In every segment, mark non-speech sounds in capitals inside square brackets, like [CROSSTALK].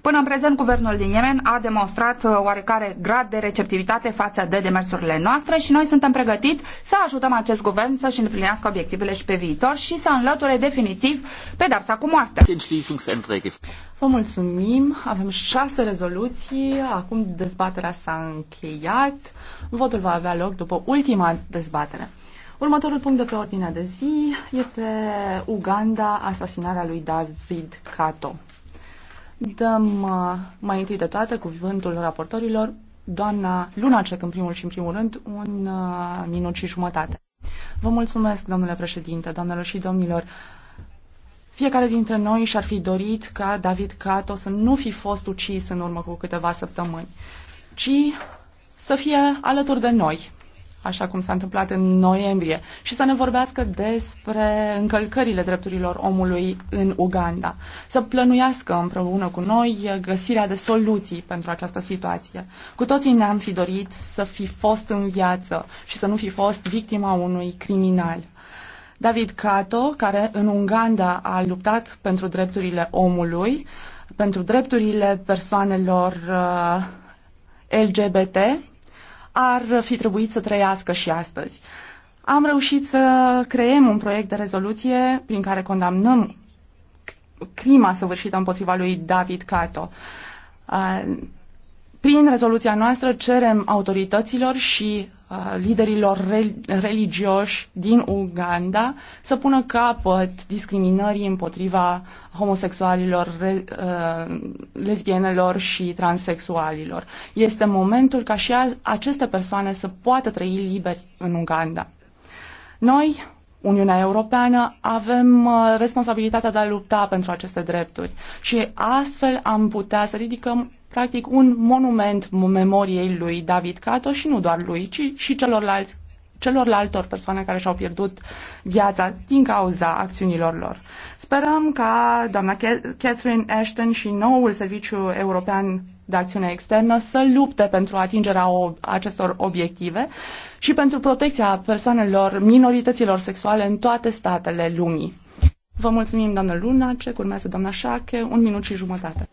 Până în prezent, guvernul din Yemen a demonstrat uh, oarecare grad de receptivitate față de demersurile noastre și noi suntem pregătiți să ajutăm acest guvern să-și îndeplinească obiectivele și pe viitor și să înlăture definitiv pedapsa cu moartea. Vă mulțumim. Avem șase rezoluții. Acum dezbaterea s-a încheiat. Votul va avea loc după ultima dezbatere. Următorul punct de pe ordinea de zi este Uganda, asasinarea lui David Kato. Dăm uh, mai întâi de toate cuvântul raportorilor, doamna Lunacek în primul și în primul rând, un uh, minut și jumătate. Vă mulțumesc, domnule președinte, doamnelor și domnilor. Fiecare dintre noi și-ar fi dorit ca David Cato să nu fi fost ucis în urmă cu câteva săptămâni, ci să fie alături de noi, așa cum s-a întâmplat în noiembrie, și să ne vorbească despre încălcările drepturilor omului în Uganda, să plănuiască împreună cu noi găsirea de soluții pentru această situație. Cu toții ne-am fi dorit să fi fost în viață și să nu fi fost victima unui criminal. David Cato, care în Uganda a luptat pentru drepturile omului, pentru drepturile persoanelor uh, LGBT, ar fi trebuit să trăiască și astăzi. Am reușit să creem un proiect de rezoluție prin care condamnăm crima săvârșită împotriva lui David Cato. Uh, prin rezoluția noastră cerem autorităților și uh, liderilor religioși din Uganda să pună capăt discriminării împotriva homosexualilor, uh, lesbienelor și transexualilor. Este momentul ca și aceste persoane să poată trăi liberi în Uganda. Noi, Uniunea Europeană, avem uh, responsabilitatea de a lupta pentru aceste drepturi și astfel am putea să ridicăm practic un monument memoriei lui David Cato și nu doar lui, ci și celorlalți celorlaltor persoane care și-au pierdut viața din cauza acțiunilor lor. Sperăm ca doamna Catherine Ashton și noul Serviciu European de Acțiune Externă să lupte pentru atingerea acestor obiective și pentru protecția persoanelor minorităților sexuale în toate statele lumii. Vă mulțumim, doamnă Luna, ce urmează doamna Șache, un minut și jumătate.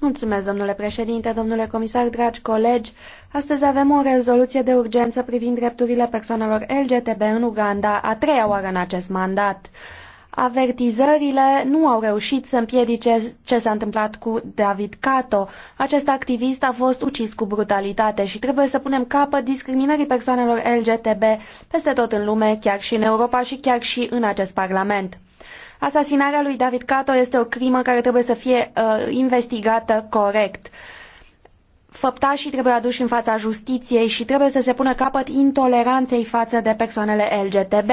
Mulțumesc, domnule președinte, domnule comisar, dragi colegi. Astăzi avem o rezoluție de urgență privind drepturile persoanelor LGTB în Uganda, a treia oară în acest mandat. Avertizările nu au reușit să împiedice ce s-a întâmplat cu David Kato. Acest activist a fost ucis cu brutalitate și trebuie să punem capăt discriminării persoanelor LGTB peste tot în lume, chiar și în Europa și chiar și în acest Parlament. Asasinarea lui David Kato este o crimă care trebuie să fie uh, investigată corect. Făptașii trebuie aduși în fața justiției și trebuie să se pună capăt intoleranței față de persoanele LGTB.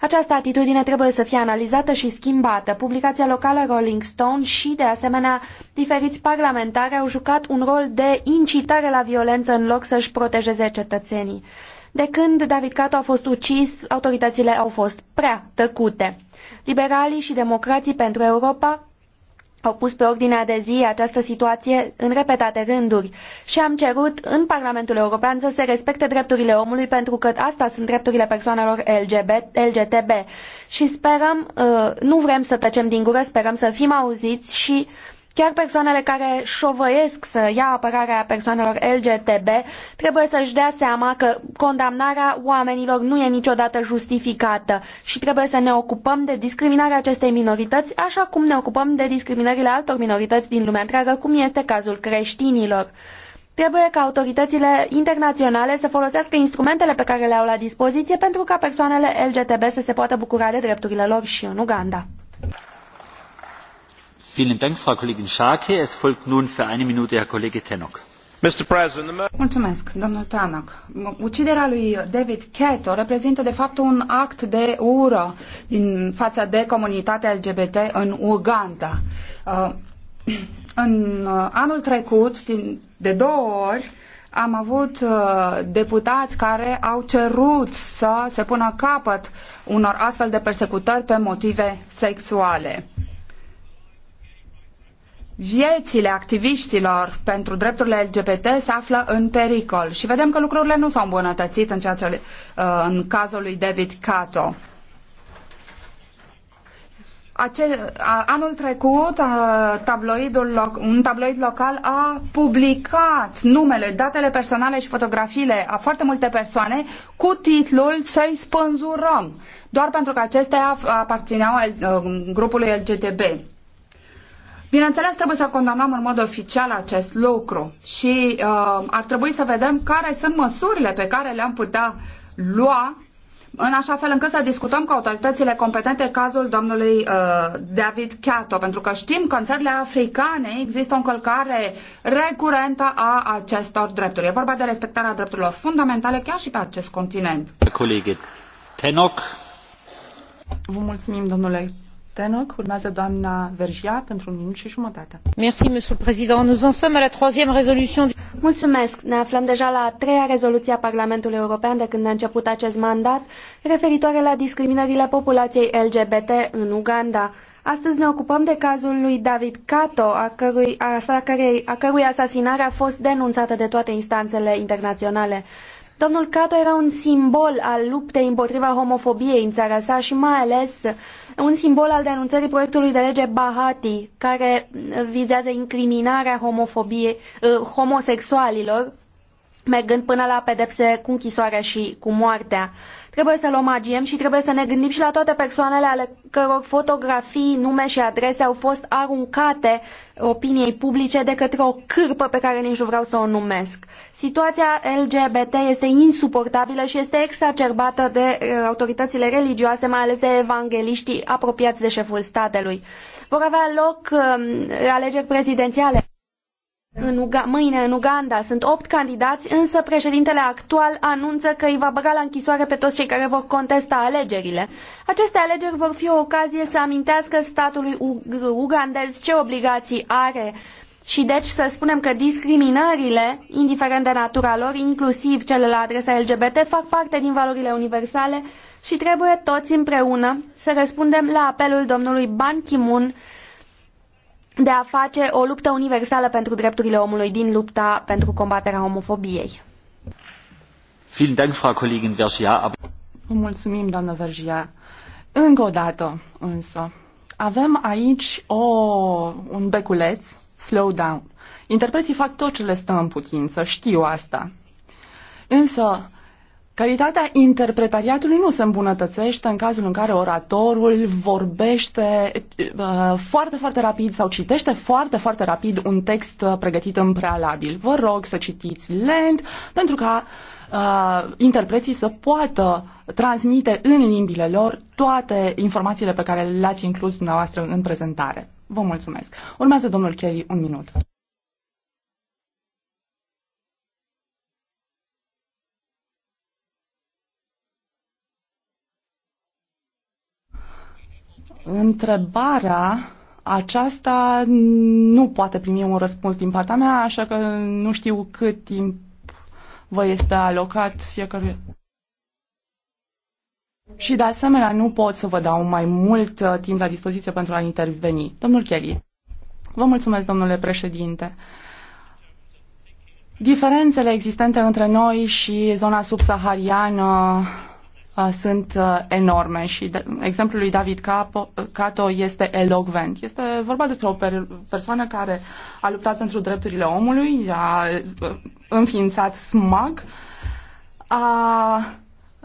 Această atitudine trebuie să fie analizată și schimbată. Publicația locală Rolling Stone și, de asemenea, diferiți parlamentari au jucat un rol de incitare la violență în loc să-și protejeze cetățenii. De când David Cato a fost ucis, autoritățile au fost prea tăcute. Liberalii și democrații pentru Europa au pus pe ordinea de zi această situație în repetate rânduri și am cerut în Parlamentul European să se respecte drepturile omului pentru că asta sunt drepturile persoanelor LGBT, LGTB și sperăm, uh, nu vrem să tăcem din gură, sperăm să fim auziți și Chiar persoanele care șovăiesc să ia apărarea persoanelor LGTB trebuie să-și dea seama că condamnarea oamenilor nu e niciodată justificată și trebuie să ne ocupăm de discriminarea acestei minorități așa cum ne ocupăm de discriminările altor minorități din lumea întreagă, cum este cazul creștinilor. Trebuie ca autoritățile internaționale să folosească instrumentele pe care le au la dispoziție pentru ca persoanele LGTB să se poată bucura de drepturile lor și în Uganda. Mulțumesc, Tanak. Uciderea lui David Keto reprezintă de fapt un act de ură din fața de comunitatea LGBT în Uganda. Uh, [CLEARS THROAT] în uh, anul trecut, de două ori, am avut uh, deputați care au cerut să se pună capăt unor astfel de persecutări pe motive sexuale viețile activiștilor pentru drepturile LGBT se află în pericol și vedem că lucrurile nu s-au îmbunătățit în, ceea ce, uh, în cazul lui David Cato. Ace- anul trecut, un tabloid local a publicat numele, datele personale și fotografiile a foarte multe persoane cu titlul Să-i spânzurăm, doar pentru că acestea aparțineau uh, grupului LGTB. Bineînțeles, trebuie să condamnăm în mod oficial acest lucru și uh, ar trebui să vedem care sunt măsurile pe care le-am putea lua în așa fel încât să discutăm cu autoritățile competente cazul domnului uh, David Chiato, pentru că știm că în țările africane există o încălcare recurentă a acestor drepturi. E vorba de respectarea drepturilor fundamentale chiar și pe acest continent. Colegit Tenoc. Vă mulțumim, domnule Tenoc, urmează doamna Vergia pentru un minut și jumătate. Merci, monsieur le président. Nous en sommes à la troisième résolution. Mulțumesc. Ne aflăm deja la a treia rezoluție a Parlamentului European de când a început acest mandat, referitoare la discriminările populației LGBT în Uganda. Astăzi ne ocupăm de cazul lui David Kato, a cărui, a, a cărui asasinare a fost denunțată de toate instanțele internaționale. Domnul Cato era un simbol al luptei împotriva homofobiei în țara sa și mai ales un simbol al denunțării proiectului de lege Bahati, care vizează incriminarea homofobiei, eh, homosexualilor mergând până la pedepse cu închisoarea și cu moartea. Trebuie să-l omagiem și trebuie să ne gândim și la toate persoanele ale căror fotografii, nume și adrese au fost aruncate opiniei publice de către o cârpă pe care nici nu vreau să o numesc. Situația LGBT este insuportabilă și este exacerbată de eh, autoritățile religioase, mai ales de evangeliștii apropiați de șeful statelui. Vor avea loc eh, alegeri prezidențiale în Uga- mâine în Uganda sunt opt candidați, însă președintele actual anunță că îi va băga la închisoare pe toți cei care vor contesta alegerile. Aceste alegeri vor fi o ocazie să amintească statului ugandez ce obligații are și deci să spunem că discriminările, indiferent de natura lor, inclusiv cele la adresa LGBT, fac parte din valorile universale și trebuie toți împreună să răspundem la apelul domnului Ban Ki-moon de a face o luptă universală pentru drepturile omului din lupta pentru combaterea homofobiei. Mulțumim, doamnă Vergia. Încă o dată, însă, avem aici o, un beculeț, slow down. Interpreții fac tot ce le stă în putință, știu asta. Însă, Calitatea interpretariatului nu se îmbunătățește în cazul în care oratorul vorbește uh, foarte, foarte rapid sau citește foarte, foarte rapid un text uh, pregătit în prealabil. Vă rog să citiți lent pentru ca uh, interpreții să poată transmite în limbile lor toate informațiile pe care le-ați inclus dumneavoastră în prezentare. Vă mulțumesc. Urmează domnul Kelly un minut. Întrebarea aceasta nu poate primi un răspuns din partea mea, așa că nu știu cât timp vă este alocat fiecare. Și de asemenea nu pot să vă dau mai mult uh, timp la dispoziție pentru a interveni. Domnul Kelly. Vă mulțumesc, domnule președinte. Diferențele existente între noi și zona subsahariană sunt enorme și de, exemplul lui David Capo, Cato este elogvent. Este vorba despre o persoană care a luptat pentru drepturile omului, a înființat SMAG, a,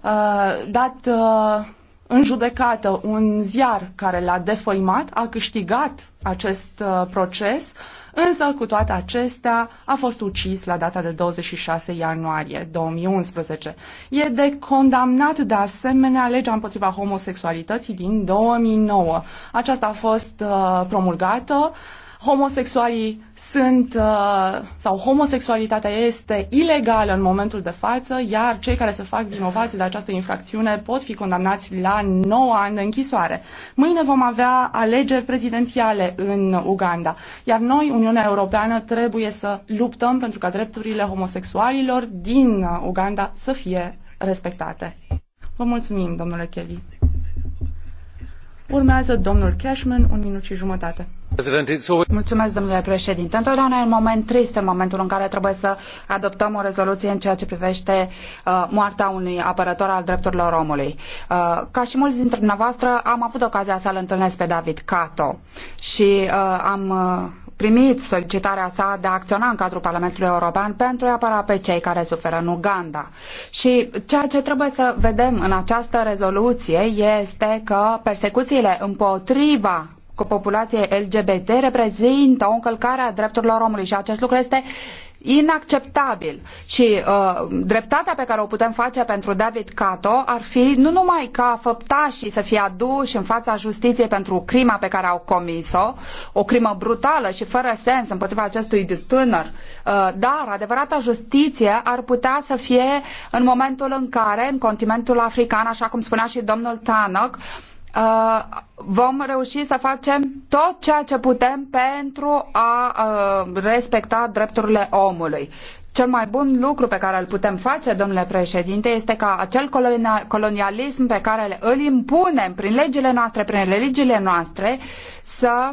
a dat a, în judecată un ziar care l-a defăimat, a câștigat acest a, proces, uh, însă cu toate acestea a fost ucis la data de 26 ianuarie 2011. E de condamnat de asemenea legea împotriva homosexualității din 2009. Aceasta a fost uh, promulgată uh, homosexualii sunt uh, sau homosexualitatea este ilegală în momentul de față, iar cei care se fac vinovați de această infracțiune pot fi condamnați la 9 ani de închisoare. Mâine vom avea alegeri prezidențiale în Uganda, iar noi, Uniunea Europeană, trebuie să luptăm pentru ca drepturile homosexualilor din Uganda să fie respectate. Vă mulțumim, domnule Kelly. Urmează domnul Cashman, un minut și jumătate. Mulțumesc, domnule președinte. Întotdeauna e un moment trist în momentul în care trebuie să adoptăm o rezoluție în ceea ce privește uh, moartea unui apărător al drepturilor omului. Uh, ca și mulți dintre dumneavoastră, am avut ocazia să-l întâlnesc pe David Cato și uh, am uh, primit solicitarea sa de a acționa în cadrul Parlamentului European pentru a apăra pe cei care suferă în Uganda. Și ceea ce trebuie să vedem în această rezoluție este că persecuțiile împotriva cu populație LGBT reprezintă o încălcare a drepturilor omului și acest lucru este inacceptabil și uh, dreptatea pe care o putem face pentru David Cato ar fi nu numai ca făptașii să fie aduși în fața justiției pentru crima pe care au comis-o, o crimă brutală și fără sens împotriva acestui tânăr, uh, dar adevărata justiție ar putea să fie în momentul în care în continentul african, așa cum spunea și domnul Tanăc, uh, Uh, vom reuși să facem tot ceea ce putem pentru a uh, respecta drepturile omului. Cel mai bun lucru pe care îl putem face, domnule președinte, este ca acel colonialism pe care îl impunem prin legile noastre, prin religiile noastre, să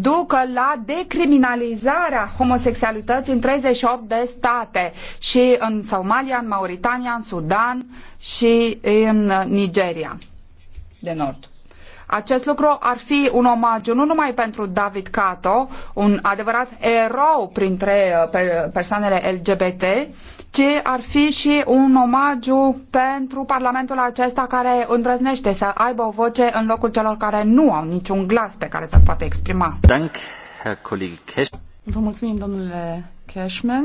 ducă la decriminalizarea homosexualității în 38 de state și în Somalia, în Mauritania, în Sudan și în Nigeria de Nord. Acest lucru ar fi un omagiu nu numai pentru David Cato, un adevărat erou printre uh, persoanele LGBT, ci ar fi și un omagiu pentru Parlamentul acesta care îndrăznește să aibă o voce în locul celor care nu au niciun glas pe care să-l poată exprima. Dank, Vă mulțumim, domnule Cashman.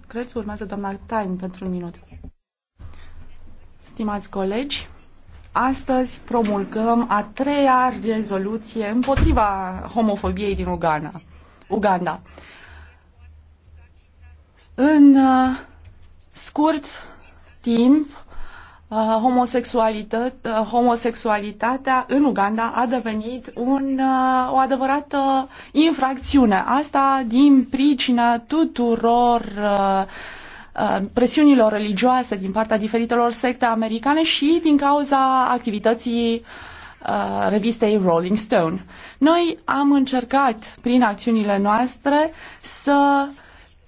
Crețu. Urmează doamna Tain pentru un minut. Stimați colegi, astăzi promulgăm a treia rezoluție împotriva homofobiei din Uganda. Uganda. În uh, scurt timp, Uh, uh, homosexualitatea în Uganda a devenit un, uh, o adevărată infracțiune. Asta din pricina tuturor presiunilor religioase din partea diferitelor secte americane și din cauza activității revistei Rolling Stone. Noi am încercat prin acțiunile noastre să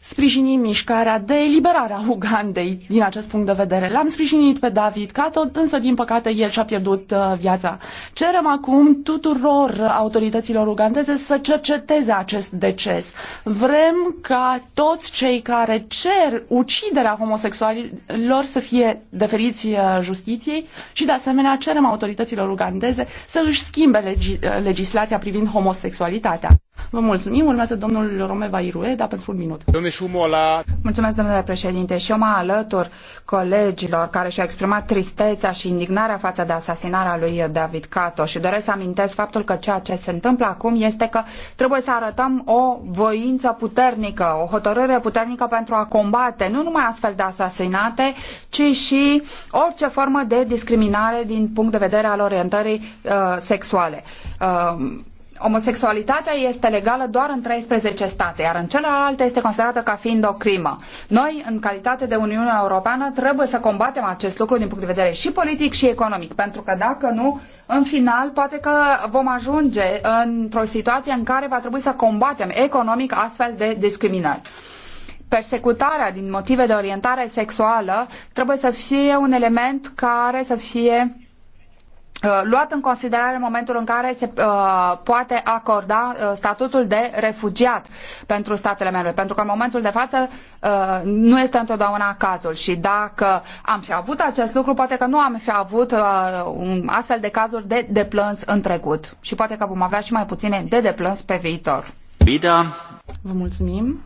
sprijini mișcarea de eliberare a Ugandei din acest punct de vedere. L-am sprijinit pe David Cato, însă din păcate el și-a pierdut uh, viața. Cerem acum tuturor autorităților ugandeze să cerceteze acest deces. Vrem ca toți cei care cer uciderea homosexualilor să fie deferiți uh, justiției și de asemenea cerem autorităților ugandeze să își schimbe legi- uh, legislația privind homosexualitatea. Vă mulțumim. Urmează domnul Romeva Irueda pentru un minut. Domnul Șumola. Mulțumesc, domnule președinte, și eu mă alătur colegilor care și-au exprimat tristețea și indignarea față de asasinarea lui David Cato și doresc să amintesc faptul că ceea ce se întâmplă acum este că trebuie să arătăm o voință puternică, o hotărâre puternică pentru a combate nu numai astfel de asasinate, ci și orice formă de discriminare din punct de vedere al orientării uh, sexuale. Uh, Omosexualitatea este legală doar în 13 state, iar în celelalte este considerată ca fiind o crimă. Noi, în calitate de Uniune Europeană, trebuie să combatem acest lucru din punct de vedere și politic și economic, pentru că dacă nu, în final, poate că vom ajunge într-o situație în care va trebui să combatem economic astfel de discriminări persecutarea din motive de orientare sexuală trebuie să fie un element care să fie Uh, luat în considerare momentul în care se uh, poate acorda uh, statutul de refugiat pentru statele membre. Pentru că în momentul de față uh, nu este întotdeauna cazul și dacă am fi avut acest lucru, poate că nu am fi avut uh, un astfel de cazuri de deplâns în trecut și poate că vom avea și mai puține de deplâns pe viitor. Vă mulțumim.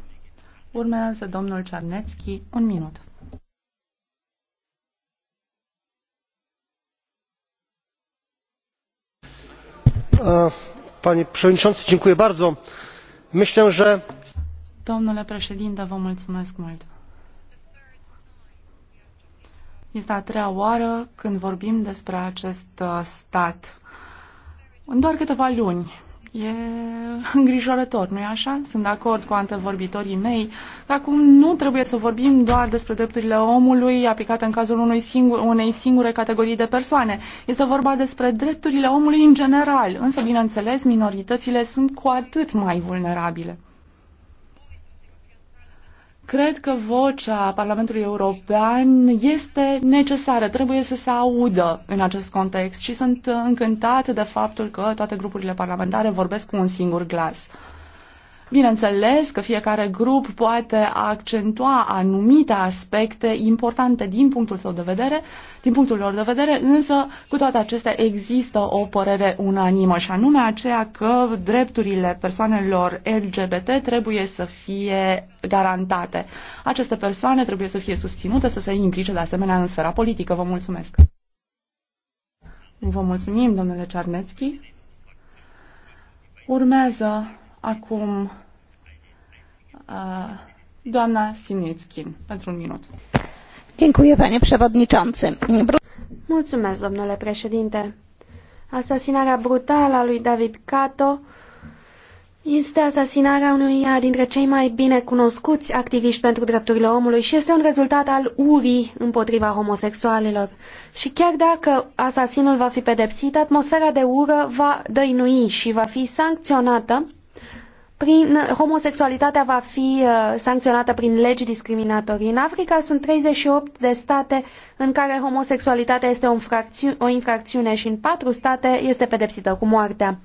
Urmează domnul Cernețchi, un minut. panie bardzo myślę że. domnule președinte vă mulțumesc mult. este a treia oară când vorbim despre acest uh, stat. în doar câteva luni E îngrijorător, nu-i așa? Sunt de acord cu antevorbitorii mei că acum nu trebuie să vorbim doar despre drepturile omului aplicate în cazul unui singur, unei singure categorii de persoane. Este vorba despre drepturile omului în general, însă, bineînțeles, minoritățile sunt cu atât mai vulnerabile. Cred că vocea Parlamentului European este necesară, trebuie să se audă în acest context și sunt încântată de faptul că toate grupurile parlamentare vorbesc cu un singur glas. Bineînțeles că fiecare grup poate accentua anumite aspecte importante din punctul său de vedere, din punctul lor de vedere, însă cu toate acestea există o părere unanimă și anume aceea că drepturile persoanelor LGBT trebuie să fie garantate. Aceste persoane trebuie să fie susținute, să se implice de asemenea în sfera politică. Vă mulțumesc! Vă mulțumim, domnule Cernețchi. Urmează Acum, uh, doamna Sinițchin, pentru un minut. Dziękuję, panie przewodniczący. Mulțumesc, domnule președinte. Asasinarea brutală a lui David Cato este asasinarea unuia dintre cei mai bine cunoscuți activiști pentru drepturile omului și este un rezultat al urii împotriva homosexualilor. Și chiar dacă asasinul va fi pedepsit, atmosfera de ură va dăinui și va fi sancționată prin, homosexualitatea va fi sancionată uh, sancționată prin legi discriminatorii. În Africa sunt 38 de state în care homosexualitatea este o, o infracțiune și în patru state este pedepsită cu moartea.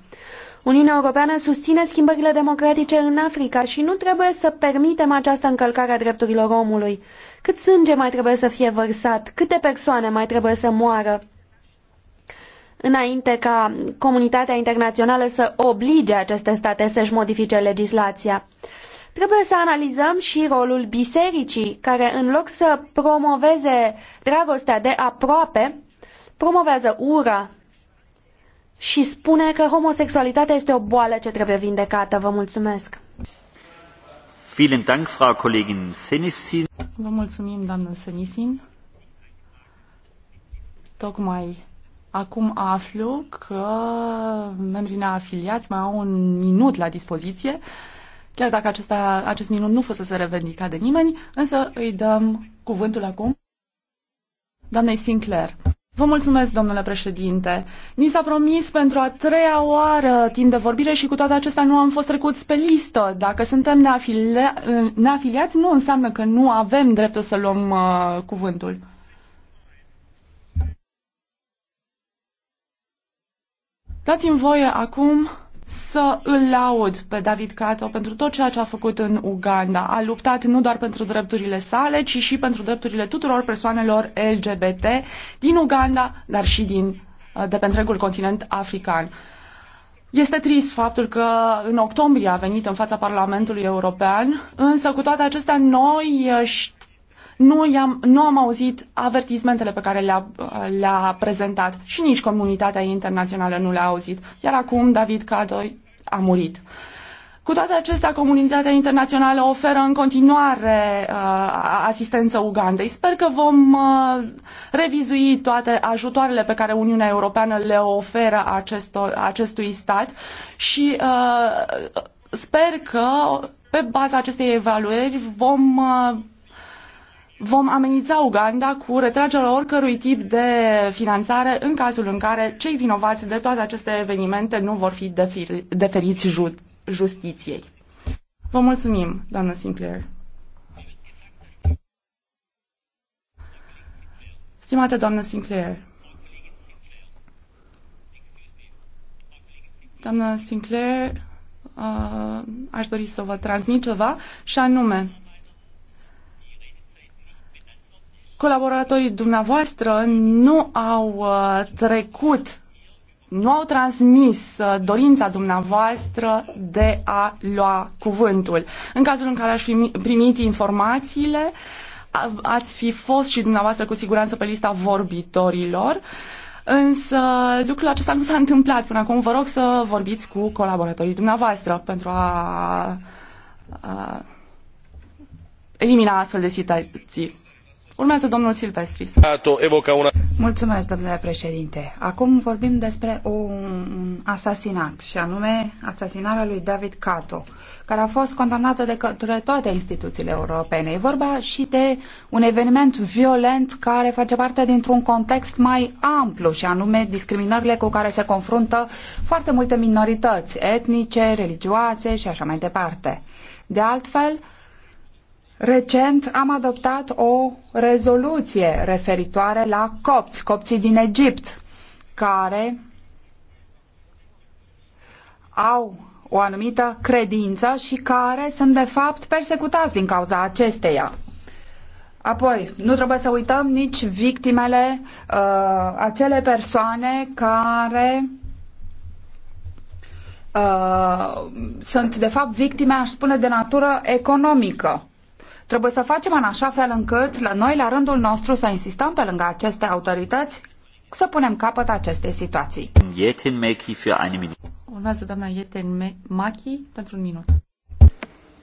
Uniunea Europeană susține schimbările democratice în Africa și nu trebuie să permitem această încălcare a drepturilor omului. Cât sânge mai trebuie să fie vărsat? Câte persoane mai trebuie să moară? înainte ca comunitatea internațională să oblige aceste state să-și modifice legislația. Trebuie să analizăm și rolul bisericii, care în loc să promoveze dragostea de aproape, promovează ura și spune că homosexualitatea este o boală ce trebuie vindecată. Vă mulțumesc! Vă mulțumim, doamnă Senisin. Tocmai Acum aflu că membrii neafiliați mai au un minut la dispoziție, chiar dacă acesta, acest minut nu fusese revendicat de nimeni, însă îi dăm cuvântul acum doamnei Sinclair. Vă mulțumesc, domnule președinte. Mi s-a promis pentru a treia oară timp de vorbire și cu toate acestea nu am fost trecuți pe listă. Dacă suntem neafilia- neafiliați, nu înseamnă că nu avem dreptul să luăm uh, cuvântul. Dați-mi voie acum să îl laud pe David Cato pentru tot ceea ce a făcut în Uganda. A luptat nu doar pentru drepturile sale, ci și pentru drepturile tuturor persoanelor LGBT din Uganda, dar și din, uh, de pe întregul continent african. Este trist faptul că în octombrie a venit în fața Parlamentului European, însă cu toate acestea noi uh, nu, i-am, nu am auzit avertismentele pe care le-a, le-a prezentat și nici comunitatea internațională nu le-a auzit. Iar acum David Cadoi a murit. Cu toate acestea, comunitatea internațională oferă în continuare uh, asistență Ugandei. Sper că vom uh, revizui toate ajutoarele pe care Uniunea Europeană le oferă acestor, acestui stat și uh, sper că pe baza acestei evaluări vom uh, vom amenința Uganda cu retragerea oricărui tip de finanțare în cazul în care cei vinovați de toate aceste evenimente nu vor fi deferiți ju- justiției. Vă mulțumim, doamnă Sinclair. Stimate doamnă Sinclair, doamnă Sinclair, uh, aș dori să vă transmit ceva și anume, colaboratorii dumneavoastră nu au uh, trecut, nu au transmis uh, dorința dumneavoastră de a lua cuvântul. În cazul în care aș fi primit informațiile, ați fi fost și dumneavoastră cu siguranță pe lista vorbitorilor, însă lucrul acesta nu s-a întâmplat până acum. Vă rog să vorbiți cu colaboratorii dumneavoastră pentru a, a elimina astfel de situații. Urmează domnul Mulțumesc, domnule președinte. Acum vorbim despre un asasinat, și anume asasinarea lui David Cato, care a fost condamnată de către toate instituțiile europene. E vorba și de un eveniment violent care face parte dintr-un context mai amplu, și anume discriminările cu care se confruntă foarte multe minorități etnice, religioase și așa mai departe. De altfel, Recent am adoptat o rezoluție referitoare la copți, copții din Egipt, care au o anumită credință și care sunt de fapt persecutați din cauza acesteia. Apoi, nu trebuie să uităm nici victimele, uh, acele persoane care uh, sunt de fapt victime, aș spune, de natură economică. Trebuie să facem în așa fel încât la noi, la rândul nostru, să insistăm pe lângă aceste autorități să punem capăt acestei situații. Yeten Meki für eine Minute. Urmează doamna Yeten Maki pentru un minut.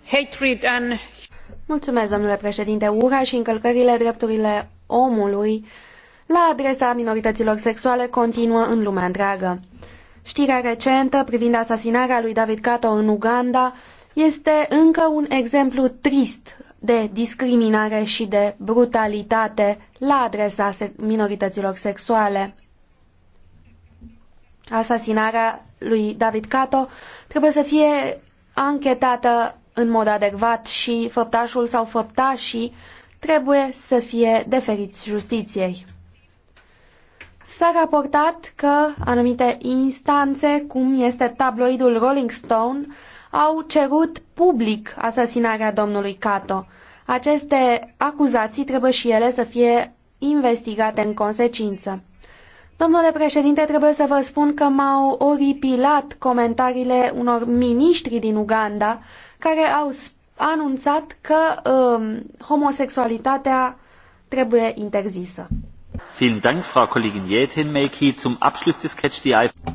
Hatred and... Mulțumesc, domnule președinte. Ura și încălcările drepturile omului la adresa minorităților sexuale continuă în lumea întreagă. Știrea recentă privind asasinarea lui David Kato în Uganda este încă un exemplu trist de discriminare și de brutalitate la adresa minorităților sexuale. Asasinarea lui David Cato trebuie să fie anchetată în mod adecvat și făptașul sau făptașii trebuie să fie deferiți justiției. S-a raportat că anumite instanțe, cum este tabloidul Rolling Stone, au cerut public asasinarea domnului Cato. Aceste acuzații trebuie și ele să fie investigate în consecință. Domnule președinte, trebuie să vă spun că m-au oripilat comentariile unor miniștri din Uganda care au anunțat că um, homosexualitatea trebuie interzisă.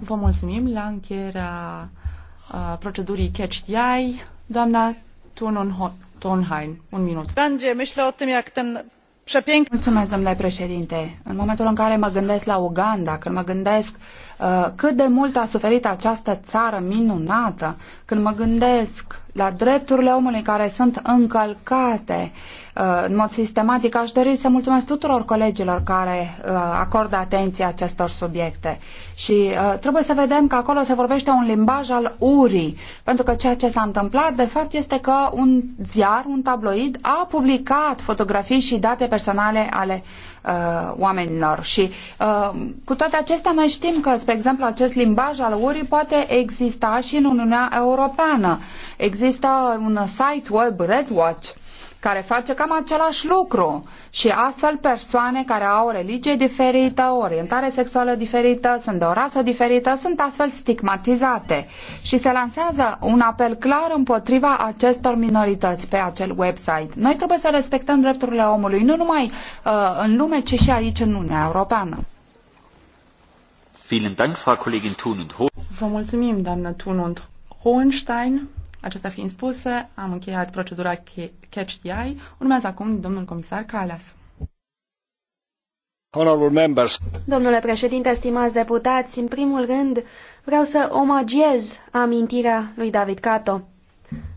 Vă mulțumim la încheierea Uh, procedurii Catch eye doamna Tonhain. Un minut. Mulțumesc, domnule președinte. În momentul în care mă gândesc la Uganda, când mă gândesc uh, cât de mult a suferit această țară minunată, când mă gândesc la drepturile omului care sunt încălcate uh, în mod sistematic. Aș dori să mulțumesc tuturor colegilor care uh, acordă atenție acestor subiecte. Și uh, trebuie să vedem că acolo se vorbește un limbaj al urii, pentru că ceea ce s-a întâmplat, de fapt, este că un ziar, un tabloid, a publicat fotografii și date personale ale oamenilor. Și uh, cu toate acestea noi știm că, spre exemplu, acest limbaj al urii poate exista și în Uniunea Europeană. Există un site web, Redwatch, care face cam același lucru și astfel persoane care au o religie diferită, o orientare sexuală diferită, sunt de o rasă diferită, sunt astfel stigmatizate și se lansează un apel clar împotriva acestor minorități pe acel website. Noi trebuie să respectăm drepturile omului, nu numai uh, în lume, ci și aici în Uniunea Europeană. Vă mulțumim, doamnă Thun und Hohenstein. Acestea fiind spuse, am încheiat procedura Catch the Eye. Urmează acum domnul comisar Calas. Domnule președinte, stimați deputați, în primul rând vreau să omagiez amintirea lui David Cato.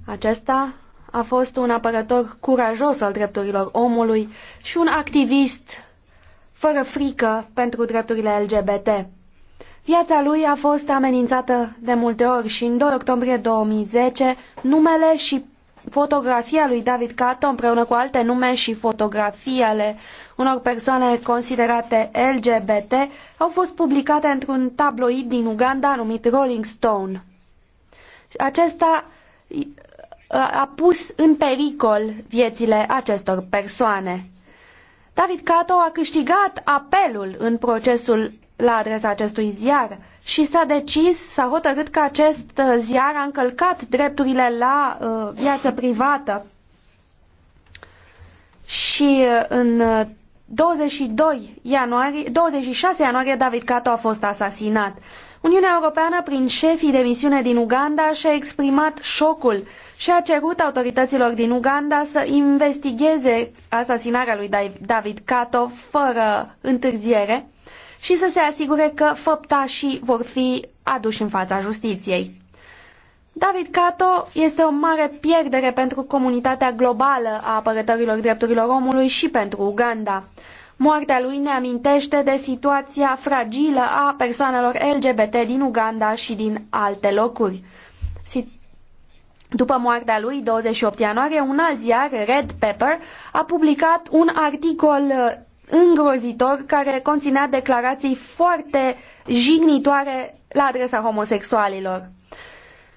Acesta a fost un apărător curajos al drepturilor omului și un activist fără frică pentru drepturile LGBT. Viața lui a fost amenințată de multe ori și în 2 octombrie 2010 numele și fotografia lui David Cato împreună cu alte nume și fotografii ale unor persoane considerate LGBT au fost publicate într-un tabloid din Uganda numit Rolling Stone. Acesta a pus în pericol viețile acestor persoane. David Cato a câștigat apelul în procesul la adresa acestui ziar și s-a decis, s-a hotărât că acest uh, ziar a încălcat drepturile la uh, viață privată. Și uh, în 22 uh, ianuarie, 26 ianuarie David Kato a fost asasinat. Uniunea Europeană, prin șefii de misiune din Uganda, și-a exprimat șocul și a cerut autorităților din Uganda să investigheze asasinarea lui David Kato fără întârziere și să se asigure că făptașii vor fi aduși în fața justiției. David Cato este o mare pierdere pentru comunitatea globală a apărătorilor drepturilor omului și pentru Uganda. Moartea lui ne amintește de situația fragilă a persoanelor LGBT din Uganda și din alte locuri. După moartea lui, 28 ianuarie, un alt ziar, Red Pepper, a publicat un articol îngrozitor care conținea declarații foarte jignitoare la adresa homosexualilor.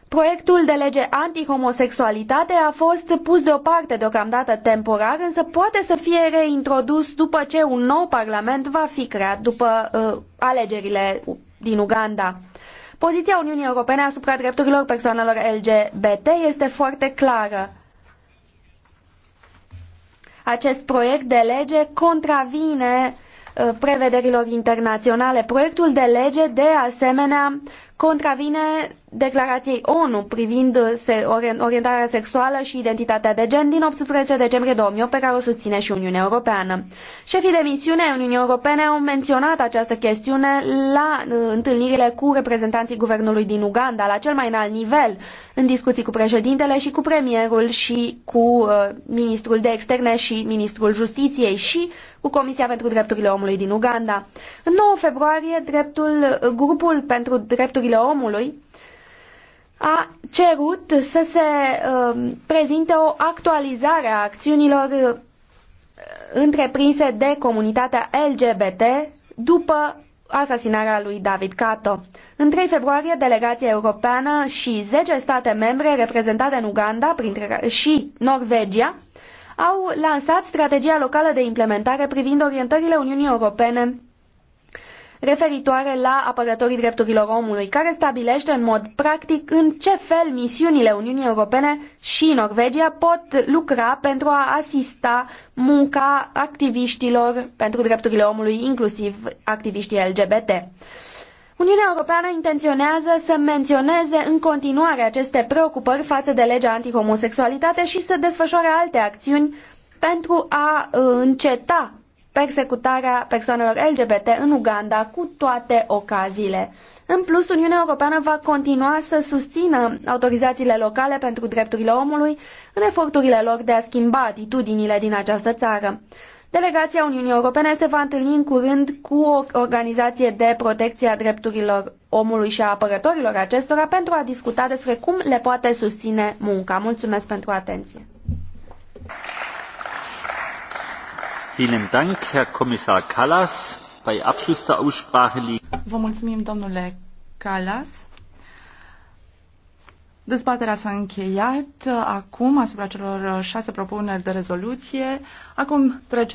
Proiectul de lege antihomosexualitate a fost pus deoparte deocamdată temporar, însă poate să fie reintrodus după ce un nou parlament va fi creat după uh, alegerile din Uganda. Poziția Uniunii Europene asupra drepturilor persoanelor LGBT este foarte clară. Acest proiect de lege contravine uh, prevederilor internaționale. Proiectul de lege, de asemenea, contravine declarației ONU privind orientarea sexuală și identitatea de gen din 18 decembrie 2008 pe care o susține și Uniunea Europeană. Șefii de misiune ai Uniunii Europene au menționat această chestiune la uh, întâlnirile cu reprezentanții guvernului din Uganda, la cel mai înalt nivel, în discuții cu președintele și cu premierul și cu uh, ministrul de externe și ministrul justiției și cu Comisia pentru Drepturile Omului din Uganda. În 9 februarie, dreptul, uh, grupul pentru drepturile omului a cerut să se um, prezinte o actualizare a acțiunilor uh, întreprinse de comunitatea LGBT după asasinarea lui David Kato. În 3 februarie, delegația europeană și 10 state membre reprezentate în Uganda printre, și Norvegia au lansat strategia locală de implementare privind orientările Uniunii Europene referitoare la apărătorii drepturilor omului, care stabilește în mod practic în ce fel misiunile Uniunii Europene și Norvegia pot lucra pentru a asista munca activiștilor pentru drepturile omului, inclusiv activiștii LGBT. Uniunea Europeană intenționează să menționeze în continuare aceste preocupări față de legea antihomosexualitate și să desfășoare alte acțiuni pentru a uh, înceta persecutarea persoanelor LGBT în Uganda cu toate ocaziile. În plus, Uniunea Europeană va continua să susțină autorizațiile locale pentru drepturile omului în eforturile lor de a schimba atitudinile din această țară. Delegația Uniunii Europene se va întâlni în curând cu o organizație de protecție a drepturilor omului și a apărătorilor acestora pentru a discuta despre cum le poate susține munca. Mulțumesc pentru atenție! Vă mulțumim, domnule Kallas. Dezbaterea s-a încheiat acum asupra celor șase propuneri de rezoluție. Acum trecem